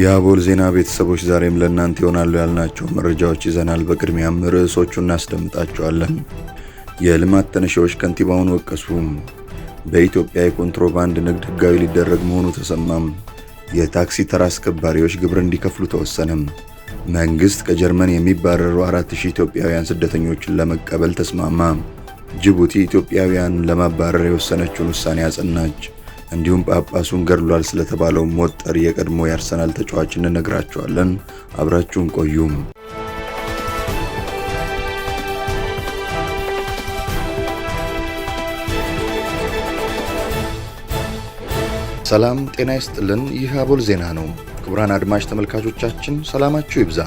የአቦል ዜና ቤተሰቦች ዛሬም ለእናንተ ይሆናሉ ያልናቸው መረጃዎች ይዘናል። በቅድሚያም ርዕሶቹ እናስደምጣቸዋለን። የልማት ተነሻዎች ከንቲባውን ወቀሱ። በኢትዮጵያ የኮንትሮባንድ ንግድ ህጋዊ ሊደረግ መሆኑ ተሰማም። የታክሲ ተራ አስከባሪዎች ግብር እንዲከፍሉ ተወሰነም። መንግሥት ከጀርመን የሚባረሩ 4000 ኢትዮጵያውያን ስደተኞችን ለመቀበል ተስማማ። ጅቡቲ ኢትዮጵያውያን ለማባረር የወሰነችውን ውሳኔ አጸናች። እንዲሁም ጳጳሱን ገድሏል ስለተባለው ሞት ጠሪ የቀድሞ የአርሰናል ተጫዋች እንነግራቸዋለን። አብራችሁን ቆዩም። ሰላም ጤና ይስጥልን። ይህ አቦል ዜና ነው። ክቡራን አድማጭ ተመልካቾቻችን ሰላማችሁ ይብዛ፣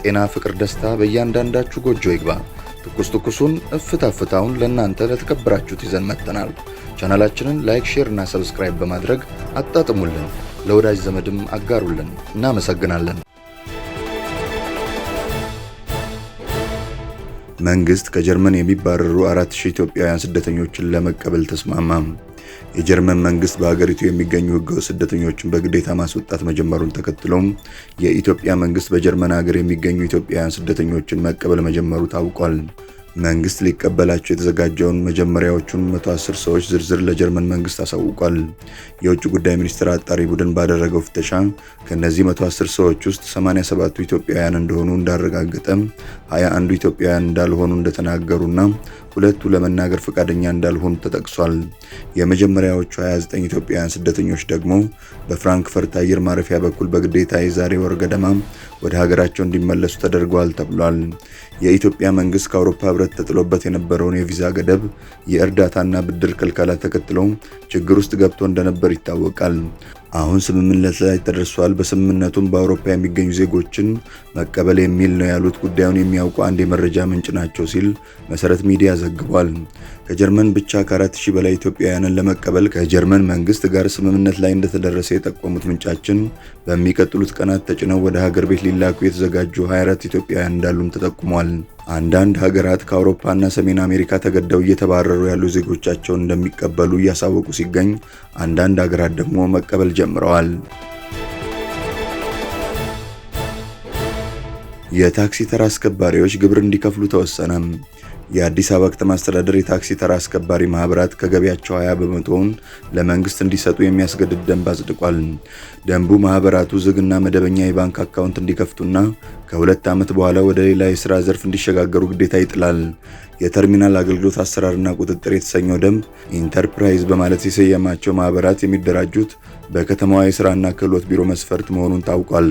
ጤና፣ ፍቅር፣ ደስታ በእያንዳንዳችሁ ጎጆ ይግባ። ትኩስ ትኩሱን እፍታ ፍታውን ለእናንተ ለተከበራችሁት ይዘን መጥተናል። ቻናላችንን ላይክ፣ ሼር እና ሰብስክራይብ በማድረግ አጣጥሙልን፣ ለወዳጅ ዘመድም አጋሩልን። እናመሰግናለን። መንግስት ከጀርመን የሚባረሩ አራት ሺህ ኢትዮጵያውያን ስደተኞችን ለመቀበል ተስማማ። የጀርመን መንግስት በሀገሪቱ የሚገኙ ህገወጥ ስደተኞችን በግዴታ ማስወጣት መጀመሩን ተከትሎም የኢትዮጵያ መንግስት በጀርመን ሀገር የሚገኙ ኢትዮጵያውያን ስደተኞችን መቀበል መጀመሩ ታውቋል። መንግስት ሊቀበላቸው የተዘጋጀውን መጀመሪያዎቹን 110 ሰዎች ዝርዝር ለጀርመን መንግስት አሳውቋል። የውጭ ጉዳይ ሚኒስቴር አጣሪ ቡድን ባደረገው ፍተሻ ከእነዚህ 110 ሰዎች ውስጥ 87ቱ ኢትዮጵያውያን እንደሆኑ እንዳረጋገጠ፣ 21ዱ ኢትዮጵያውያን እንዳልሆኑ እንደተናገሩና ሁለቱ ለመናገር ፈቃደኛ እንዳልሆኑ ተጠቅሷል። የመጀመሪያዎቹ 29 ኢትዮጵያውያን ስደተኞች ደግሞ በፍራንክፈርት አየር ማረፊያ በኩል በግዴታ የዛሬ ወር ገደማ ወደ ሀገራቸው እንዲመለሱ ተደርገዋል ተብሏል። የኢትዮጵያ መንግስት ከአውሮፓ ህብረት ተጥሎበት የነበረውን የቪዛ ገደብ የእርዳታና ብድር ክልከላ ተከትሎ ችግር ውስጥ ገብቶ እንደነበር ይታወቃል። አሁን ስምምነት ላይ ተደርሷል። በስምምነቱም በአውሮፓ የሚገኙ ዜጎችን መቀበል የሚል ነው ያሉት ጉዳዩን የሚያውቁ አንድ የመረጃ ምንጭ ናቸው ሲል መሰረት ሚዲያ ዘግቧል። ከጀርመን ብቻ ከ ሺህ በላይ ኢትዮጵያውያንን ለመቀበል ከጀርመን መንግስት ጋር ስምምነት ላይ እንደተደረሰ የጠቆሙት ምንጫችን በሚቀጥሉት ቀናት ተጭነው ወደ ሀገር ቤት ሊላኩ የተዘጋጁ 24 ኢትዮጵያውያን እንዳሉም ተጠቁሟል። አንዳንድ ሀገራት ከአውሮፓና ሰሜን አሜሪካ ተገደው እየተባረሩ ያሉ ዜጎቻቸውን እንደሚቀበሉ እያሳወቁ ሲገኝ አንዳንድ ሀገራት ደግሞ መቀበል ጀምረዋል። የታክሲ ተራ አስከባሪዎች ግብር እንዲከፍሉ ተወሰነም። የአዲስ አበባ ከተማ አስተዳደር የታክሲ ተራ አስከባሪ ማህበራት ከገቢያቸው 20 በመቶውን ለመንግስት እንዲሰጡ የሚያስገድድ ደንብ አጽድቋል። ደንቡ ማህበራቱ ዝግና መደበኛ የባንክ አካውንት እንዲከፍቱና ከሁለት ዓመት በኋላ ወደ ሌላ የስራ ዘርፍ እንዲሸጋገሩ ግዴታ ይጥላል። የተርሚናል አገልግሎት አሰራርና ቁጥጥር የተሰኘው ደንብ ኢንተርፕራይዝ በማለት የሰየማቸው ማህበራት የሚደራጁት በከተማዋ የስራና ክህሎት ቢሮ መስፈርት መሆኑን ታውቋል።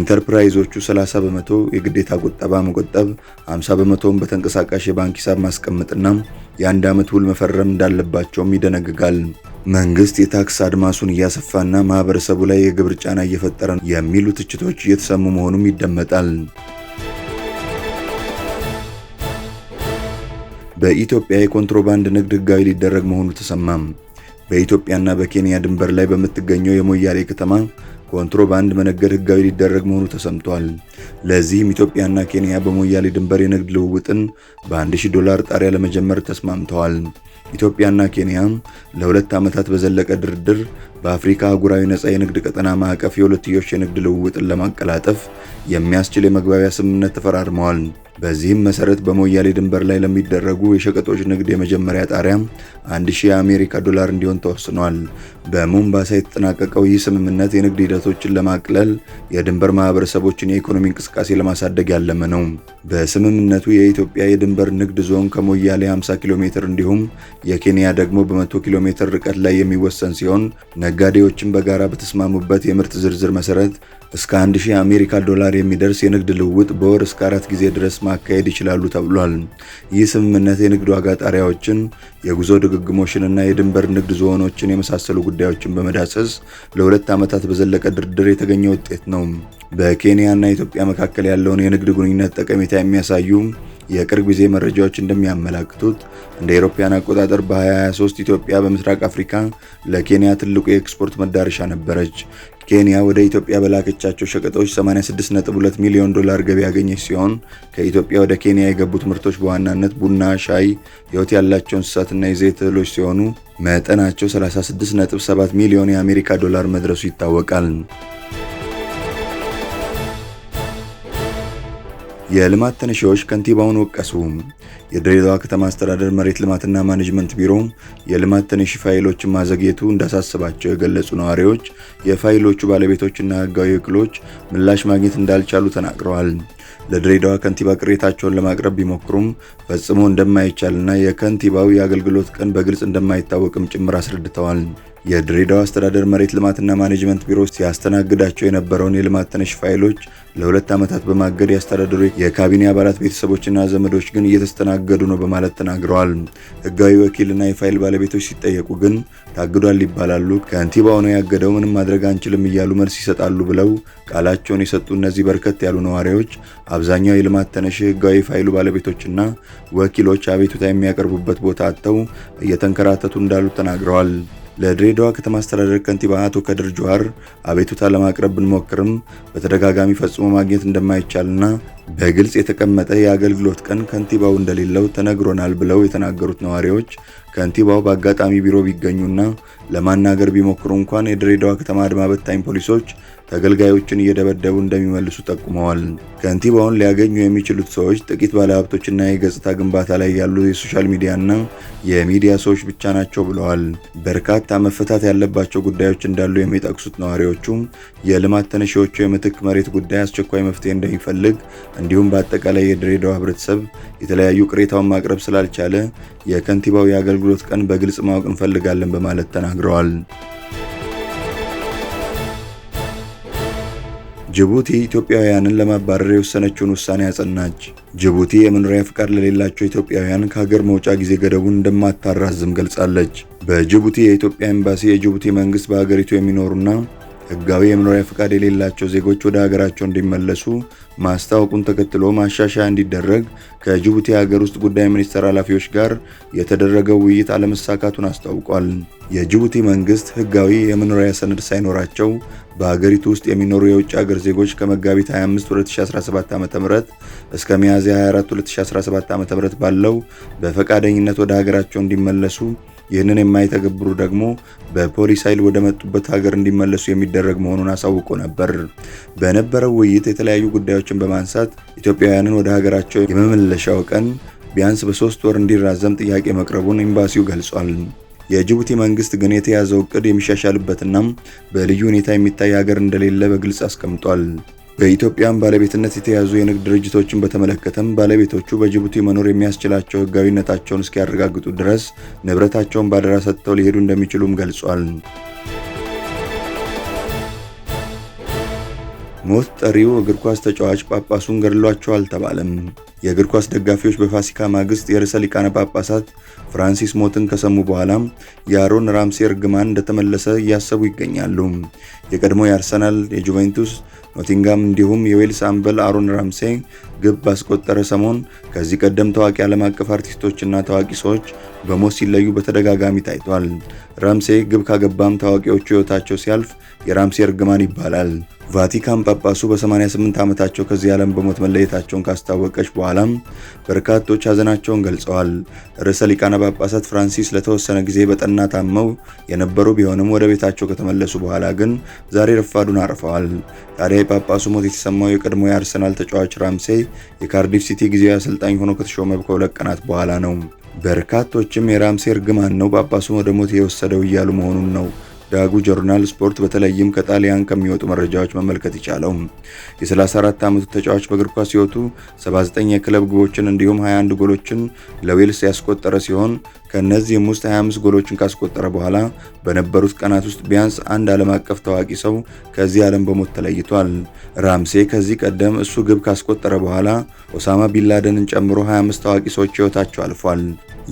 ኢንተርፕራይዞቹ 30 በመቶ የግዴታ ቁጠባ መቆጠብ፣ 50 በመቶውን በተንቀሳቃሽ የባንክ ሂሳብ ማስቀመጥና የአንድ ዓመት ውል መፈረም እንዳለባቸውም ይደነግጋል። መንግስት የታክስ አድማሱን እያሰፋና ማህበረሰቡ ላይ የግብር ጫና እየፈጠረ ነው የሚሉ ትችቶች እየተሰሙ መሆኑም ይደመጣል። በኢትዮጵያ የኮንትሮባንድ ንግድ ህጋዊ ሊደረግ መሆኑ ተሰማም። በኢትዮጵያና በኬንያ ድንበር ላይ በምትገኘው የሞያሌ ከተማ ኮንትሮባንድ መነገድ ህጋዊ ሊደረግ መሆኑ ተሰምቷል። ለዚህም ኢትዮጵያና ኬንያ በሞያሌ ድንበር የንግድ ልውውጥን በ1000 ዶላር ጣሪያ ለመጀመር ተስማምተዋል። ኢትዮጵያና ኬንያ ለሁለት ዓመታት በዘለቀ ድርድር በአፍሪካ አህጉራዊ ነጻ የንግድ ቀጠና ማዕቀፍ የሁለትዮሽ የንግድ ልውውጥን ለማቀላጠፍ የሚያስችል የመግባቢያ ስምምነት ተፈራርመዋል። በዚህም መሰረት በሞያሌ ድንበር ላይ ለሚደረጉ የሸቀጦች ንግድ የመጀመሪያ ጣሪያ 1000 የአሜሪካ ዶላር እንዲሆን ተወስኗል። በሙምባሳ የተጠናቀቀው ይህ ስምምነት የንግድ ሂደቶችን ለማቅለል፣ የድንበር ማህበረሰቦችን የኢኮኖሚ እንቅስቃሴ ለማሳደግ ያለመ ነው። በስምምነቱ የኢትዮጵያ የድንበር ንግድ ዞን ከሞያሌ 50 ኪሎ ሜትር እንዲሁም የኬንያ ደግሞ በ100 ኪሎ ሜትር ርቀት ላይ የሚወሰን ሲሆን ነጋዴዎችን በጋራ በተስማሙበት የምርት ዝርዝር መሰረት እስከ 1000 አሜሪካ ዶላር የሚደርስ የንግድ ልውውጥ በወር እስከ አራት ጊዜ ድረስ ማካሄድ ይችላሉ ተብሏል። ይህ ስምምነት የንግድ ዋጋ ጣሪያዎችን፣ የጉዞ ድግግሞሽንና የድንበር ንግድ ዞኖችን የመሳሰሉ ጉዳዮችን በመዳሰስ ለሁለት ዓመታት በዘለቀ ድርድር የተገኘ ውጤት ነው። በኬንያና ኢትዮጵያ መካከል ያለውን የንግድ ግንኙነት ጠቀሜታ የሚያሳዩ የቅርብ ጊዜ መረጃዎች እንደሚያመላክቱት እንደ አውሮፓውያን አቆጣጠር በ2023 ኢትዮጵያ በምስራቅ አፍሪካ ለኬንያ ትልቁ የኤክስፖርት መዳረሻ ነበረች። ኬንያ ወደ ኢትዮጵያ በላከቻቸው ሸቀጦች 86.2 ሚሊዮን ዶላር ገቢ ያገኘች ሲሆን ከኢትዮጵያ ወደ ኬንያ የገቡት ምርቶች በዋናነት ቡና፣ ሻይ፣ ሕይወት ያላቸው እንስሳትና የዘይት እህሎች ሲሆኑ መጠናቸው 36.7 ሚሊዮን የአሜሪካ ዶላር መድረሱ ይታወቃል። የልማት ተነሺዎች ከንቲባውን ወቀሱ። የድሬዳዋ ከተማ አስተዳደር መሬት ልማትና ማኔጅመንት ቢሮ የልማት ተነሺ ፋይሎችን ማዘግየቱ እንዳሳስባቸው የገለጹ ነዋሪዎች የፋይሎቹ ባለቤቶችና ሕጋዊ ወኪሎች ምላሽ ማግኘት እንዳልቻሉ ተናግረዋል። ለድሬዳዋ ከንቲባ ቅሬታቸውን ለማቅረብ ቢሞክሩም ፈጽሞ እንደማይቻልና የከንቲባው የአገልግሎት ቀን በግልጽ እንደማይታወቅም ጭምር አስረድተዋል። የድሬዳዋ አስተዳደር መሬት ልማትና ማኔጅመንት ቢሮ ሲያስተናግዳቸው የነበረውን የልማት ተነሽ ፋይሎች ለሁለት ዓመታት በማገድ ያስተዳደሩ የካቢኔ አባላት ቤተሰቦችና ዘመዶች ግን እየተስተናገዱ ነው በማለት ተናግረዋል። ህጋዊ ወኪልና የፋይል ባለቤቶች ሲጠየቁ ግን ታግዷል ይባላሉ፣ ከንቲባው ነው ያገደው፣ ምንም ማድረግ አንችልም እያሉ መልስ ይሰጣሉ ብለው ቃላቸውን የሰጡ እነዚህ በርከት ያሉ ነዋሪዎች አብዛኛው የልማት ተነሽ ህጋዊ ፋይሉ ባለቤቶችና ወኪሎች አቤቱታ የሚያቀርቡበት ቦታ አጥተው እየተንከራተቱ እንዳሉ ተናግረዋል። ለድሬዳዋ ከተማ አስተዳደር ከንቲባ አቶ ከድር ጁሃር አቤቱታ ለማቅረብ ብንሞክርም በተደጋጋሚ ፈጽሞ ማግኘት እንደማይቻልና በግልጽ የተቀመጠ የአገልግሎት ቀን ከንቲባው እንደሌለው ተነግሮናል ብለው የተናገሩት ነዋሪዎች ከንቲባው በአጋጣሚ ቢሮ ቢገኙና ለማናገር ቢሞክሩ እንኳን የድሬዳዋ ከተማ አድማ በታኝ ፖሊሶች ተገልጋዮችን እየደበደቡ እንደሚመልሱ ጠቁመዋል። ከንቲባውን ሊያገኙ የሚችሉት ሰዎች ጥቂት ባለሀብቶችና የገጽታ ግንባታ ላይ ያሉ የሶሻል ሚዲያና የሚዲያ ሰዎች ብቻ ናቸው ብለዋል። በርካታ መፈታት ያለባቸው ጉዳዮች እንዳሉ የሚጠቅሱት ነዋሪዎቹ የልማት ተነሺዎቹ የምትክ መሬት ጉዳይ አስቸኳይ መፍትሄ እንደሚፈልግ እንዲሁም በአጠቃላይ የድሬዳዋ ህብረተሰብ የተለያዩ ቅሬታውን ማቅረብ ስላልቻለ የከንቲባው የአገልግሎት ቀን በግልጽ ማወቅ እንፈልጋለን በማለት ተናግረዋል። ጅቡቲ ኢትዮጵያውያንን ለማባረር የወሰነችውን ውሳኔ አጸናች። ጅቡቲ የመኖሪያ ፍቃድ ለሌላቸው ኢትዮጵያውያን ከሀገር መውጫ ጊዜ ገደቡን እንደማታራዝም ገልጻለች። በጅቡቲ የኢትዮጵያ ኤምባሲ የጅቡቲ መንግስት በሀገሪቱ የሚኖሩና ህጋዊ የመኖሪያ ፈቃድ የሌላቸው ዜጎች ወደ ሀገራቸው እንዲመለሱ ማስታወቁን ተከትሎ ማሻሻያ እንዲደረግ ከጅቡቲ የሀገር ውስጥ ጉዳይ ሚኒስቴር ኃላፊዎች ጋር የተደረገው ውይይት አለመሳካቱን አስታውቋል። የጅቡቲ መንግስት ህጋዊ የመኖሪያ ሰነድ ሳይኖራቸው በሀገሪቱ ውስጥ የሚኖሩ የውጭ ሀገር ዜጎች ከመጋቢት 25 2017 ዓ.ም እስከ ሚያዝያ 24 2017 ዓ.ም ባለው በፈቃደኝነት ወደ ሀገራቸው እንዲመለሱ ይህንን የማይተገብሩ ደግሞ በፖሊስ ኃይል ወደ መጡበት ሀገር እንዲመለሱ የሚደረግ መሆኑን አሳውቆ ነበር። በነበረው ውይይት የተለያዩ ጉዳዮችን በማንሳት ኢትዮጵያውያንን ወደ ሀገራቸው የመመለሻው ቀን ቢያንስ በሶስት ወር እንዲራዘም ጥያቄ መቅረቡን ኤምባሲው ገልጿል። የጅቡቲ መንግስት ግን የተያዘው እቅድ የሚሻሻልበትና በልዩ ሁኔታ የሚታይ ሀገር እንደሌለ በግልጽ አስቀምጧል። በኢትዮጵያም ባለቤትነት የተያዙ የንግድ ድርጅቶችን በተመለከተም ባለቤቶቹ በጅቡቲ መኖር የሚያስችላቸው ህጋዊነታቸውን እስኪያረጋግጡ ድረስ ንብረታቸውን ባደራ ሰጥተው ሊሄዱ እንደሚችሉም ገልጿል። ሞት ጠሪው እግር ኳስ ተጫዋች ጳጳሱን ገድሏቸዋል ተባለም። የእግር ኳስ ደጋፊዎች በፋሲካ ማግስት የርዕሰ ሊቃነ ጳጳሳት ፍራንሲስ ሞትን ከሰሙ በኋላም የአሮን ራምሴ እርግማን እንደተመለሰ እያሰቡ ይገኛሉ። የቀድሞ የአርሰናል፣ የጁቬንቱስ፣ ኖቲንጋም እንዲሁም የዌልስ አምበል አሮን ራምሴ ግብ ባስቆጠረ ሰሞን ከዚህ ቀደም ታዋቂ ዓለም አቀፍ አርቲስቶችና ታዋቂ ሰዎች በሞት ሲለዩ በተደጋጋሚ ታይቷል። ራምሴ ግብ ካገባም ታዋቂዎቹ ሕይወታቸው ሲያልፍ የራምሴ እርግማን ይባላል። ቫቲካን ጳጳሱ በ88 ዓመታቸው ከዚህ ዓለም በሞት መለየታቸውን ካስታወቀች በኋላ በኋላም በርካቶች ሀዘናቸውን ገልጸዋል። ርዕሰ ሊቃነ ጳጳሳት ፍራንሲስ ለተወሰነ ጊዜ በጠና ታመው የነበሩ ቢሆንም ወደ ቤታቸው ከተመለሱ በኋላ ግን ዛሬ ረፋዱን አርፈዋል። ታዲያ የጳጳሱ ሞት የተሰማው የቀድሞ የአርሰናል ተጫዋች ራምሴ የካርዲፍ ሲቲ ጊዜያዊ አሰልጣኝ ሆኖ ከተሾመ ከሁለት ቀናት በኋላ ነው። በርካቶችም የራምሴ እርግማን ነው ጳጳሱን ወደ ሞት የወሰደው እያሉ መሆኑን ነው ዳጉ ጆርናል ስፖርት በተለይም ከጣሊያን ከሚወጡ መረጃዎች መመልከት ይቻለው የ34 ዓመቱ ተጫዋች በእግር ኳስ ሕይወቱ 79 የክለብ ግቦችን እንዲሁም 21 ጎሎችን ለዌልስ ያስቆጠረ ሲሆን ከእነዚህም ውስጥ 25 ጎሎችን ካስቆጠረ በኋላ በነበሩት ቀናት ውስጥ ቢያንስ አንድ ዓለም አቀፍ ታዋቂ ሰው ከዚህ ዓለም በሞት ተለይቷል። ራምሴ ከዚህ ቀደም እሱ ግብ ካስቆጠረ በኋላ ኦሳማ ቢንላደንን ጨምሮ 25 ታዋቂ ሰዎች ሕይወታቸው አልፏል።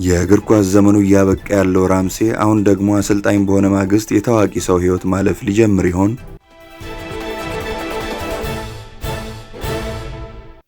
የእግር ኳስ ዘመኑ እያበቃ ያለው ራምሴ አሁን ደግሞ አሰልጣኝ በሆነ ማግስት የታዋቂ ሰው ሕይወት ማለፍ ሊጀምር ይሆን?